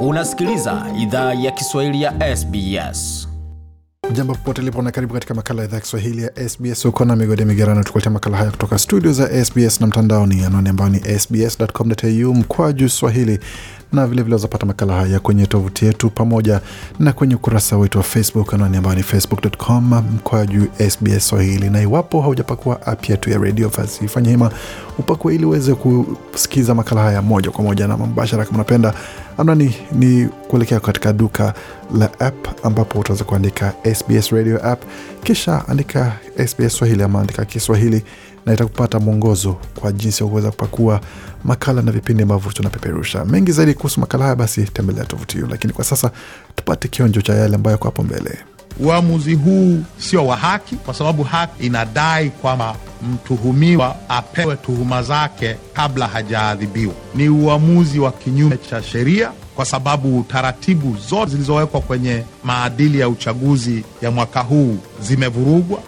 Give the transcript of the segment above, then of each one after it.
Unasikiliza idhaa ya Kiswahili ya SBS. Jambo popote lipo na karibu katika makala ya idhaa ya Kiswahili ya SBS. Uko na migodi migerano, tukuletea makala haya kutoka studio za SBS na mtandaoni, anwani ambayo ni sbs.com.au mkwaju swahili, na vilevile wazapata makala haya kwenye tovuti yetu pamoja na kwenye ukurasa wetu wa Facebook, anwani ambayo ni facebook.com mkwaju sbs swahili. Na iwapo haujapakua app yetu ya redio, basi fanya hima upakue ili uweze kusikiza makala haya moja kwa moja na mbashara kama unapenda amna ni, ni kuelekea katika duka la app ambapo utaweza kuandika sbs radio app kisha andika sbs swahili ama andika kiswahili na itakupata mwongozo kwa jinsi ya kuweza kupakua makala na vipindi ambavyo tunapeperusha mengi zaidi kuhusu makala haya basi tembelea tovuti hiyo lakini kwa sasa tupate kionjo cha yale ambayo kwapo mbele uamuzi huu sio wa haki, kwa sababu haki inadai kwamba mtuhumiwa apewe tuhuma zake kabla hajaadhibiwa. Ni uamuzi wa kinyume cha sheria, kwa sababu taratibu zote zilizowekwa kwenye maadili ya uchaguzi ya mwaka huu zimevurugwa.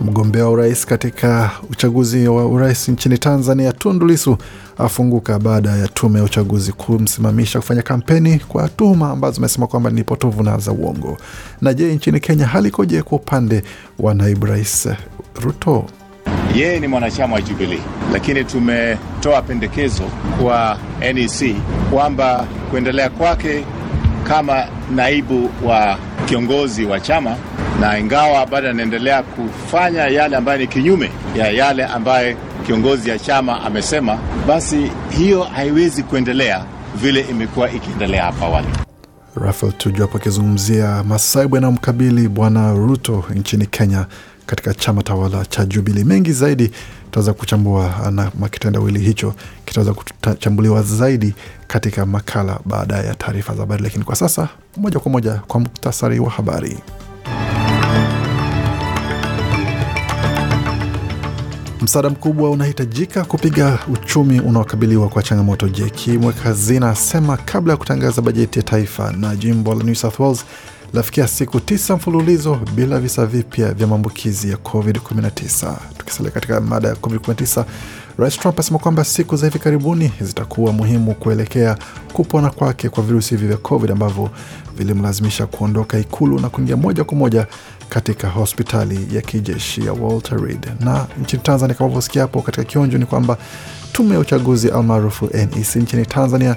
Mgombea wa urais katika uchaguzi wa urais nchini Tanzania, Tundu Lissu afunguka baada ya tume ya uchaguzi kumsimamisha kufanya kampeni kwa tuhuma ambazo amesema kwamba ni potovu na za uongo. Na je, nchini Kenya hali ikoje kwa upande wa naibu rais Ruto? Yeye ni mwanachama wa Jubilee, lakini tumetoa pendekezo kwa NEC kwamba kuendelea kwake kama naibu wa kiongozi wa chama na ingawa bado anaendelea kufanya yale ambayo ni kinyume ya yale ambaye kiongozi ya chama amesema, basi hiyo haiwezi kuendelea vile imekuwa ikiendelea hapa awali. Rafael hapo akizungumzia masaibu yanayomkabili Bwana Ruto nchini Kenya katika chama tawala cha Jubili. Mengi zaidi tutaweza kuchambua na makitendawili hicho kitaweza kuchambuliwa zaidi katika makala baada ya taarifa za habari, lakini kwa sasa moja kwa moja kwa muktasari wa habari. Msaada mkubwa unahitajika kupiga uchumi unaokabiliwa kwa changamoto jeki. Mweka hazina asema kabla ya kutangaza bajeti ya taifa na jimbo la New South Wales lafikia siku tisa mfululizo bila visa vipya vya maambukizi ya COVID-19. Tukisalia katika mada ya COVID-19, Rais Trump asema kwamba siku za hivi karibuni zitakuwa muhimu kuelekea kupona kwake kwa virusi hivi vya COVID ambavyo vilimlazimisha kuondoka ikulu na kuingia moja kwa moja katika hospitali ya kijeshi ya Walter Reed. Na nchini Tanzania, kama vyosikia hapo katika kionjo, ni kwamba tume ya uchaguzi almaarufu NEC nchini Tanzania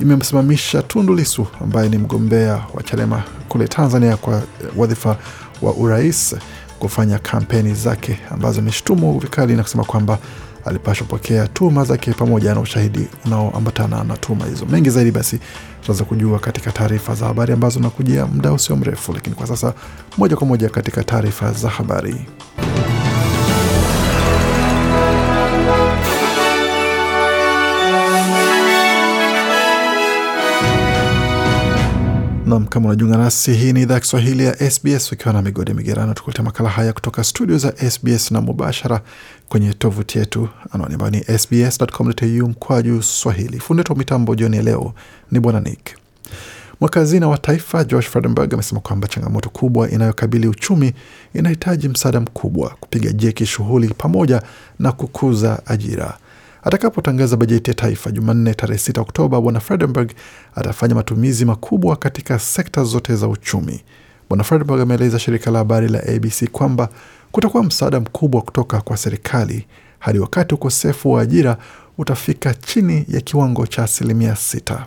imemsimamisha Tundu Lisu ambaye ni mgombea wa Chadema kule Tanzania kwa wadhifa wa urais kufanya kampeni zake ambazo imeshutumu vikali na kusema kwamba alipashwa pokea tuhuma zake pamoja na ushahidi unaoambatana na tuhuma hizo. Mengi zaidi basi tunaweza kujua katika taarifa za habari ambazo nakujia muda usio mrefu, lakini kwa sasa moja kwa moja katika taarifa za habari. Nam, kama unajiunga nasi, hii ni idhaa ya Kiswahili ya SBS ukiwa na migodi migerano, tukuletea makala haya kutoka studio za SBS na mubashara kwenye tovuti yetu, anwani ambayo ni sbs.com.au mkwaju swahili. Fundi wa mitambo jioni leo ni bwana Nick. Mwakazina wa taifa Josh Frydenberg amesema kwamba changamoto kubwa inayokabili uchumi inahitaji msaada mkubwa kupiga jeki shughuli pamoja na kukuza ajira. Atakapotangaza bajeti ya taifa Jumanne tarehe 6 Oktoba, Bwana Fredenberg atafanya matumizi makubwa katika sekta zote za uchumi. Bwana Fredenberg ameeleza shirika la habari la ABC kwamba kutakuwa msaada mkubwa kutoka kwa serikali hadi wakati ukosefu wa ajira utafika chini ya kiwango cha asilimia sita.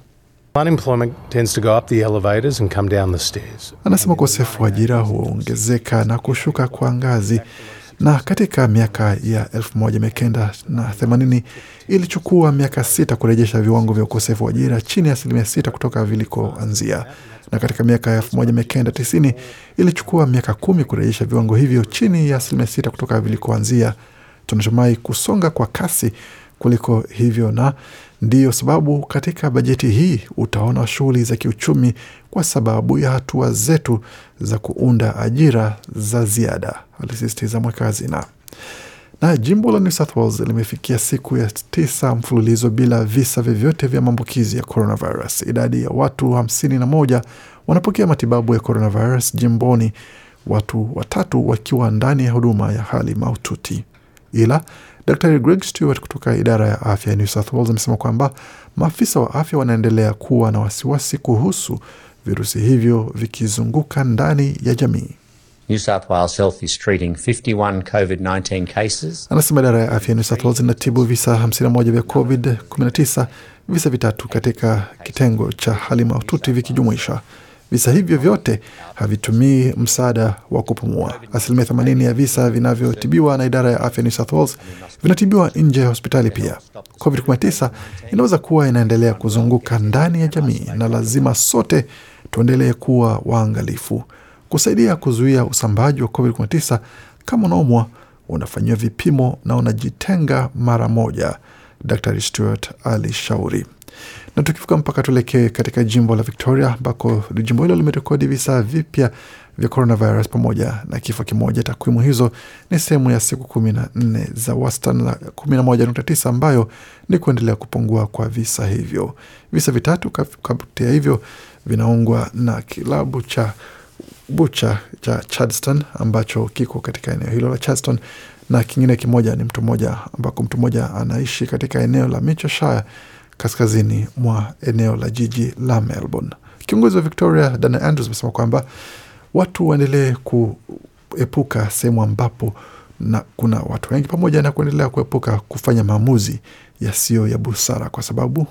Anasema ukosefu wa ajira huongezeka na kushuka kwa ngazi na katika miaka ya elfu moja mia kenda na themanini ilichukua miaka sita kurejesha viwango vya ukosefu wa ajira chini ya asilimia sita kutoka vilikoanzia, na katika miaka ya elfu moja mia kenda tisini ilichukua miaka kumi kurejesha viwango hivyo chini ya asilimia sita kutoka vilikoanzia. Tunatumai kusonga kwa kasi kuliko hivyo, na ndiyo sababu katika bajeti hii utaona shughuli za kiuchumi kwa sababu ya hatua zetu za kuunda ajira za ziada, alisisitiza mweka hazina. Na jimbo la New South Wales limefikia siku ya tisa mfululizo bila visa vyovyote vya maambukizi ya coronavirus. Idadi ya watu hamsini na moja wanapokea matibabu ya coronavirus jimboni, watu watatu wakiwa ndani ya huduma ya hali mahututi, ila Dr. Greg Stewart kutoka idara ya afya ya New South Wales amesema kwamba maafisa wa afya wanaendelea kuwa na wasiwasi kuhusu virusi hivyo vikizunguka ndani ya jamii. New South Wales Health is treating 51 COVID-19 cases. Anasema idara ya afya New South Wales inatibu visa 51 vya COVID-19, visa vitatu katika kitengo cha hali mahututi vikijumuisha Visa hivyo vyote havitumii msaada wa kupumua. Asilimia 80 ya visa vinavyotibiwa na idara ya afya New South Wales vinatibiwa nje ya hospitali. Pia COVID-19 inaweza kuwa inaendelea kuzunguka ndani ya jamii, na lazima sote tuendelee kuwa waangalifu kusaidia kuzuia usambaji wa COVID-19. Kama unaumwa, unafanyiwa vipimo na unajitenga mara moja, Dr Stuart alishauri. Na tukivuka mpaka tuelekee katika jimbo la Victoria ambako jimbo hilo limerekodi visa vipya vya coronavirus pamoja na kifo kimoja. Takwimu hizo ni sehemu ya siku kumi na nne za wastani la kumi na moja nukta tisa ambayo ni kuendelea kupungua kwa visa hivyo. Visa vitatu kati ya hivyo vinaungwa na kilabu cha bucha cha Chadston ambacho kiko katika eneo hilo la Chadston na kingine kimoja ni mtu mmoja ambako mtu mmoja anaishi katika eneo la Michoshire kaskazini mwa eneo la jiji la Melbourne. Kiongozi wa Victoria Dana Andrews amesema kwamba watu waendelee kuepuka sehemu ambapo na kuna watu wengi pamoja na kuendelea kuepuka kufanya maamuzi yasiyo ya busara kwa sababu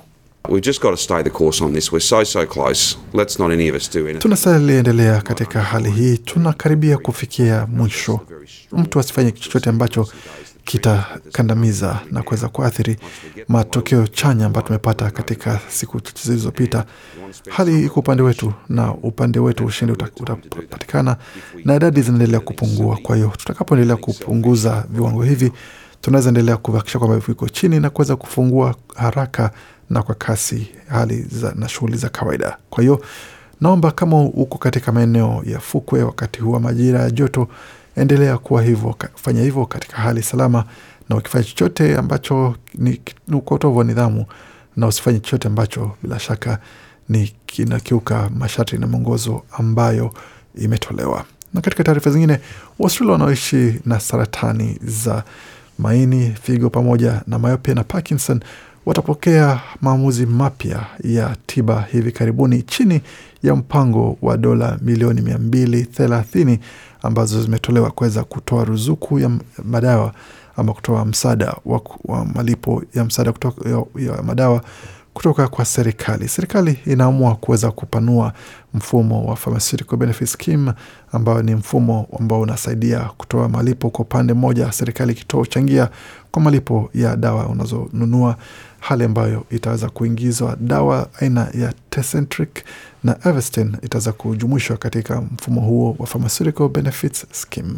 Tunastahili endelea katika hali hii, tunakaribia kufikia mwisho. Mtu asifanye chochote ambacho kitakandamiza na kuweza kuathiri matokeo chanya ambayo tumepata katika siku chache zilizopita. Hali iko upande wetu na upande wetu ushindi utapatikana, na idadi zinaendelea kupungua. Kwa hiyo tutakapoendelea kupunguza viwango hivi, tunaweza endelea kuhakikisha kwamba viko chini na kuweza kufungua haraka na kwa kasi hali za, na shughuli za kawaida. Kwa hiyo naomba kama uko katika maeneo ya fukwe wakati huu wa majira ya joto, endelea kuwa hivyo, fanya hivyo katika hali salama, na ukifanya chochote ambacho ni ukotovu wa nidhamu, na usifanye chochote ambacho bila shaka ni kinakiuka masharti na mwongozo ambayo imetolewa. Na katika taarifa zingine, Waustralia wanaoishi na saratani za maini, figo pamoja na myopia na Parkinson watapokea maamuzi mapya ya tiba hivi karibuni chini ya mpango wa dola milioni mia mbili thelathini ambazo zimetolewa kuweza kutoa ruzuku ya madawa ama kutoa msaada wa, wa malipo ya msaada kutoka, ya, ya madawa kutoka kwa serikali. Serikali inaamua kuweza kupanua mfumo wa pharmaceutical benefit scheme, ambayo ni mfumo ambao unasaidia kutoa malipo kwa upande mmoja, serikali ikitoa uchangia kwa malipo ya dawa unazonunua hali ambayo itaweza kuingizwa dawa aina ya Tecentriq na Avastin itaweza kujumuishwa katika mfumo huo wa Pharmaceutical Benefits Scheme.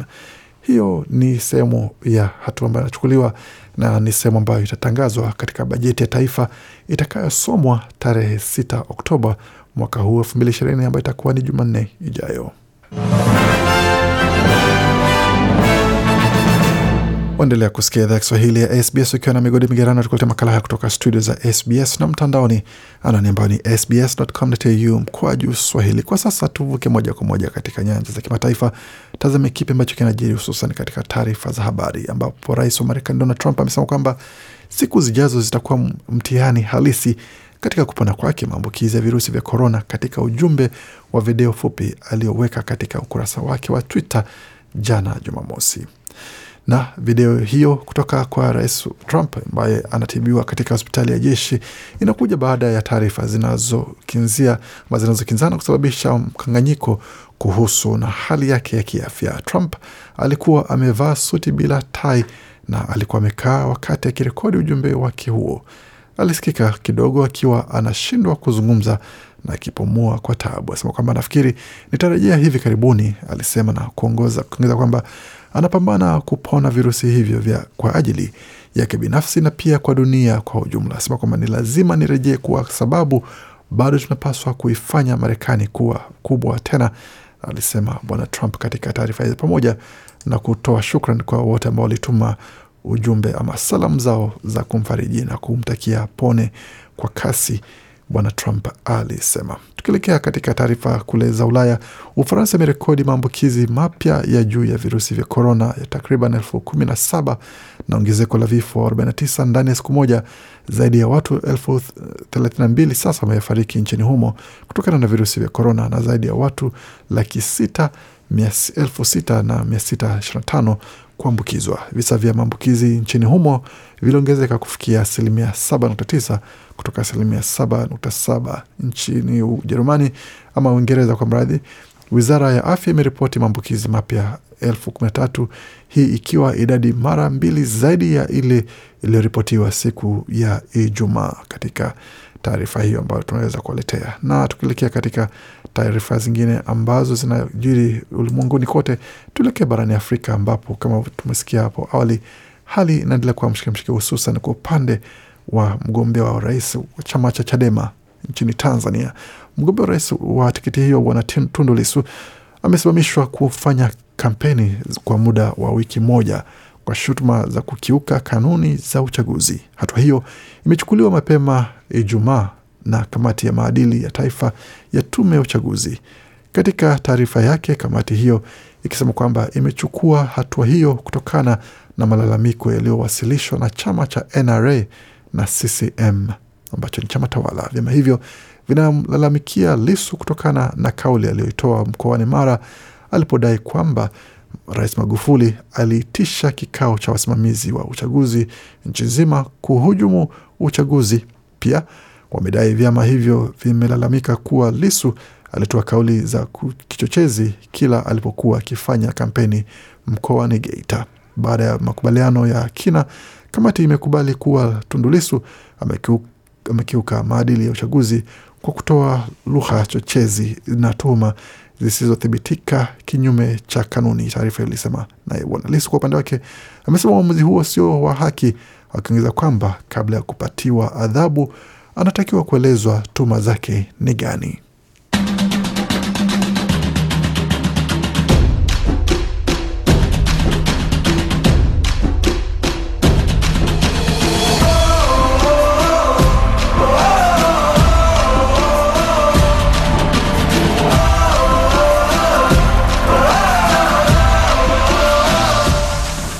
Hiyo ni sehemu ya hatua ambayo inachukuliwa na ni sehemu ambayo itatangazwa katika bajeti ya taifa itakayosomwa tarehe 6 Oktoba mwaka huu 220 ambayo itakuwa ni Jumanne ijayo. Waendelea kusikia idhaa Kiswahili ya SBS ukiwa na migodi migerano, tukuletea makala haya kutoka studio za SBS na mtandaoni, anwani ambayo ni sbs.com.au juu swahili. Kwa sasa tuvuke moja kwa moja katika nyanja za kimataifa, tazame kipi ambacho kinajiri, hususan katika taarifa za habari, ambapo rais wa Marekani Donald Trump amesema kwamba siku zijazo zitakuwa mtihani halisi katika kupona kwake maambukizi ya virusi vya korona, katika ujumbe wa video fupi aliyoweka katika ukurasa wake wa Twitter jana Jumamosi na video hiyo kutoka kwa Rais Trump ambaye anatibiwa katika hospitali ya jeshi inakuja baada ya taarifa zinazokinzia ama zinazokinzana kusababisha mkanganyiko kuhusu na hali yake ya kiafya. Trump alikuwa amevaa suti bila tai na alikuwa amekaa wakati akirekodi ujumbe wake huo. Alisikika kidogo akiwa anashindwa kuzungumza na akipumua kwa tabu. Asema kwamba nafikiri nitarejea hivi karibuni, alisema na kuongeza kwamba anapambana kupona virusi hivyo vya kwa ajili yake binafsi na pia kwa dunia kwa ujumla. Asema kwamba ni lazima nirejee, kwa sababu bado tunapaswa kuifanya Marekani kuwa kubwa tena, alisema Bwana Trump katika taarifa hizo, pamoja na kutoa shukran kwa wote ambao walituma ujumbe ama salamu zao za kumfariji na kumtakia pone kwa kasi. Bwana Trump alisema. Tukielekea katika taarifa kule za Ulaya, Ufaransa imerekodi maambukizi mapya ya juu ya virusi vya korona ya takriban elfu kumi na saba na ongezeko la vifo 49 ndani ya siku moja. Zaidi ya watu elfu thelathini na mbili sasa wamefariki nchini humo kutokana na virusi vya korona na zaidi ya watu laki sita elfu sita na mia sita ishirini na tano kuambukizwa. Visa vya maambukizi nchini humo viliongezeka kufikia asilimia 7.9 kutoka asilimia 7.7 nchini Ujerumani ama Uingereza kwa mradhi. Wizara ya afya imeripoti maambukizi mapya elfu kumi na tatu, hii ikiwa idadi mara mbili zaidi ya ile iliyoripotiwa siku ya Ijumaa katika taarifa hiyo ambayo tunaweza kuwaletea. Na tukielekea katika taarifa zingine ambazo zinajiri ulimwenguni kote, tuelekee barani Afrika ambapo kama tumesikia hapo awali, hali inaendelea kuwa mshikemshike, hususan kwa upande wa mgombea wa rais wa chama cha Chadema nchini Tanzania. Mgombea wa rais wa tiketi hiyo Bwana Tundu Lissu amesimamishwa kufanya kampeni kwa muda wa wiki moja kwa shutuma za kukiuka kanuni za uchaguzi. Hatua hiyo imechukuliwa mapema Ijumaa na kamati ya maadili ya taifa ya tume ya uchaguzi. Katika taarifa yake, kamati hiyo ikisema kwamba imechukua hatua hiyo kutokana na malalamiko yaliyowasilishwa na chama cha NRA na CCM ambacho ni chama tawala. Vyama hivyo vinamlalamikia Lisu kutokana na kauli aliyoitoa mkoani Mara alipodai kwamba Rais Magufuli aliitisha kikao cha wasimamizi wa uchaguzi nchi nzima kuhujumu uchaguzi. Pia wamedai vyama hivyo vimelalamika kuwa Lisu alitoa kauli za kichochezi kila alipokuwa akifanya kampeni mkoani Geita. Baada ya makubaliano ya kina, kamati imekubali kuwa Tundulisu amekiuka, amekiuka maadili ya uchaguzi kwa kutoa lugha chochezi na tuhuma zisizothibitika kinyume cha kanuni, taarifa ilisema. Naye Bwana Lisu kwa upande wake amesema uamuzi huo sio wa haki, akiongeza kwamba kabla ya kupatiwa adhabu anatakiwa kuelezwa tuma zake ni gani.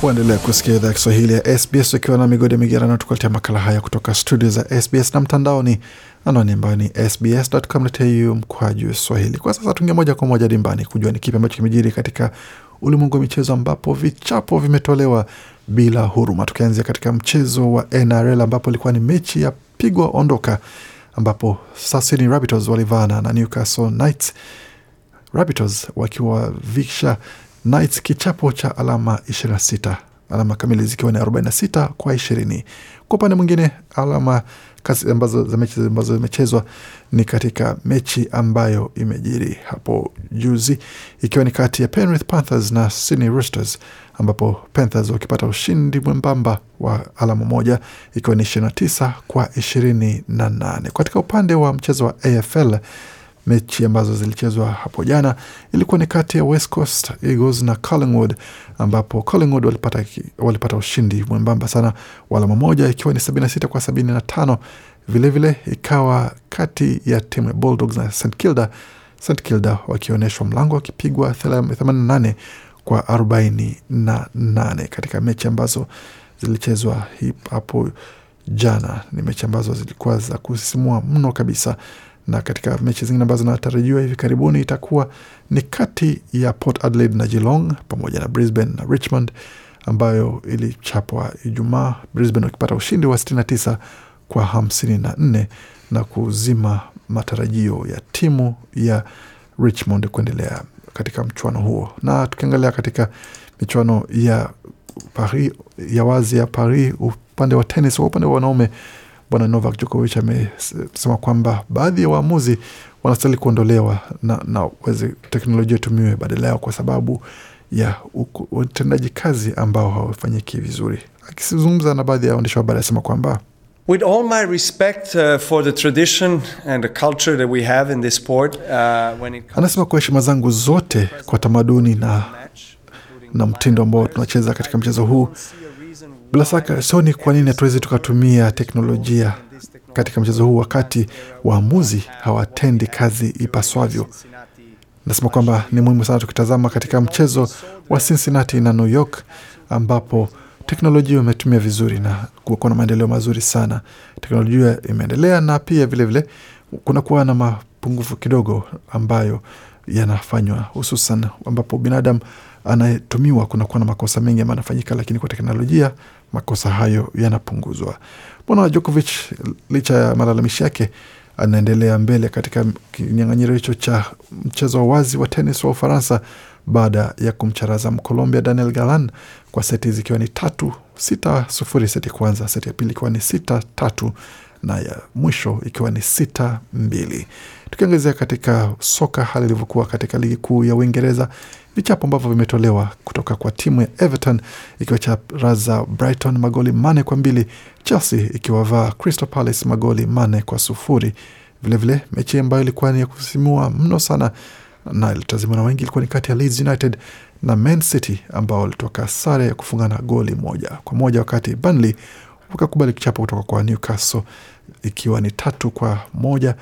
Waendelea kusikia idhaa ya Kiswahili ya SBS ukiwa na migodi migerano, tukuletea makala haya kutoka studio za SBS na mtandaoni, anwani ambayo ni sbs.com.au mkwaju swahili. Kwa sasa tuingia moja kwa moja dimbani kujua ni kipi ambacho kimejiri katika ulimwengu wa michezo, ambapo vichapo vimetolewa bila huruma, tukianzia katika mchezo wa NRL ambapo ilikuwa ni mechi ya pigwa ondoka, ambapo Sydney Rabbitohs walivana na Newcastle Knights, Rabbitohs wakiwavisha Knights kichapo cha alama 26 alama kamili zikiwa ni 46 kwa 20. Kwa upande mwingine alama kasi ambazo za mechi ambazo zimechezwa ni katika mechi ambayo imejiri hapo juzi ikiwa ni kati ya Penrith Panthers na Sydney Roosters ambapo Panthers wakipata ushindi mwembamba wa alama moja ikiwa ni 29 kwa 28. Katika upande wa mchezo wa AFL Mechi ambazo zilichezwa hapo jana ilikuwa ni kati ya West Coast Eagles na Collingwood, ambapo Collingwood walipata, walipata ushindi mwembamba sana wa alama moja ikiwa ni 76 kwa 75. Vilevile ikawa kati ya timu ya Bulldogs na St Kilda, St Kilda wakionyeshwa mlango wakipigwa 88 kwa 48 katika mechi ambazo zilichezwa hapo jana. Ni mechi ambazo zilikuwa za kusisimua mno kabisa na katika mechi zingine ambazo zinatarajiwa hivi karibuni itakuwa ni kati ya Port Adelaide na Geelong pamoja na Brisbane na Richmond ambayo ilichapwa Ijumaa, Brisbane wakipata ushindi wa 69 kwa 54 na kuzima matarajio ya timu ya Richmond kuendelea katika mchuano huo. Na tukiangalia katika michuano ya Paris ya wazi ya Paris upande wa tenis, wa upande wa wanaume Bwana Novak Djokovic amesema kwamba baadhi ya waamuzi wanastahili kuondolewa na, na weze teknolojia itumiwe badala yao kwa sababu ya utendaji kazi ambao hawafanyiki vizuri. Akizungumza na baadhi ya waandishi wa habari asema kwamba With all my respect uh, for the tradition and the culture that we have in this sport, uh, when it comes anasema kwa heshima zangu zote kwa tamaduni na, na mtindo ambao tunacheza katika mchezo huu bila shaka sioni kwa nini hatuwezi tukatumia teknolojia katika mchezo huu wakati waamuzi hawatendi kazi ipaswavyo. Nasema kwamba ni muhimu sana tukitazama katika mchezo wa Cincinnati na New York ambapo teknolojia imetumia vizuri na kuwa na maendeleo mazuri sana. Teknolojia imeendelea na pia vilevile kunakuwa na mapungufu kidogo ambayo yanafanywa, hususan ambapo binadamu anayetumiwa, kunakuwa na makosa mengi ambayo anafanyika, lakini kwa teknolojia makosa hayo yanapunguzwa. Bwana Djokovic, licha ya malalamishi yake, anaendelea mbele katika kinyang'anyiro hicho cha mchezo wa wazi wa tenis wa Ufaransa baada ya kumcharaza Mkolombia Daniel Galan kwa seti zikiwa ni tatu sita sufuri seti kwanza, seti ya pili ikiwa ni sita tatu na ya mwisho ikiwa ni sita mbili. Tukiangazia katika soka hali ilivyokuwa katika ligi kuu ya Uingereza, vichapo ambavyo vimetolewa kutoka kwa timu ya Everton ikiwa charaza Brighton magoli mane kwa mbili. Chelsea ikiwavaa Crystal Palace magoli mane kwa sufuri. Vilevile vile, mechi ambayo ilikuwa ni ya kusisimua mno sana na ilitazimwa na wengi ilikuwa ni kati ya Leeds United na Man City ambao walitoka sare ya kufungana goli moja kwa moja, wakati Burnley wakakubali kichapo kutoka kwa Newcastle ikiwa ni tatu kwa moja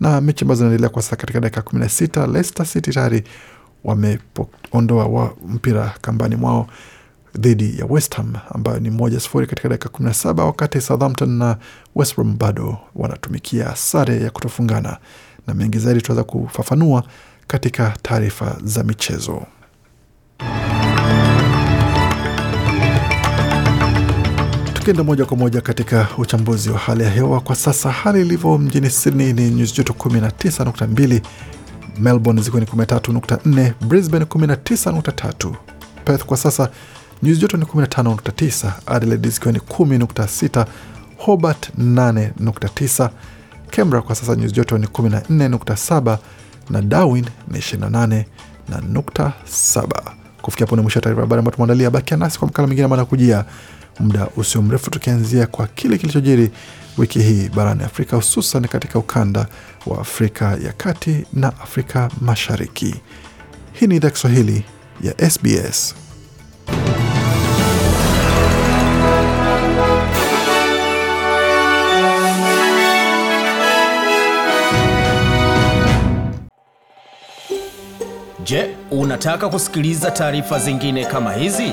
na mechi ambazo zinaendelea kwa sasa katika dakika kumi na sita Leicester City tayari wameondoa wa mpira kambani mwao dhidi ya West Ham ambayo ni moja sifuri katika dakika kumi na saba wakati Southampton na West Brom bado wanatumikia sare ya kutofungana, na mengi zaidi tunaweza kufafanua katika taarifa za michezo. Tukienda moja kwa moja katika uchambuzi wa hali ya hewa kwa sasa, hali ilivyo mjini Sydney ni nyuzi joto 19.2, Melbourne zikiwa ni 13.4, Brisbane 19.3, Perth kwa sasa nyuzi joto ni 15.9, Adelaide zikiwa ni 10.6, Hobart 8.9, Canberra kwa sasa nyuzi joto ni 14.7 na Darwin ni 28 na nukta Kufikia hapo ni mwisho wa taarifa habari ambayo tumeandalia. Bakia nasi kwa makala mengine ambayo anakujia muda usio mrefu, tukianzia kwa kile kilichojiri wiki hii barani Afrika, hususan katika ukanda wa Afrika ya kati na Afrika Mashariki. Hii ni idhaa Kiswahili ya SBS. Je, unataka kusikiliza taarifa zingine kama hizi?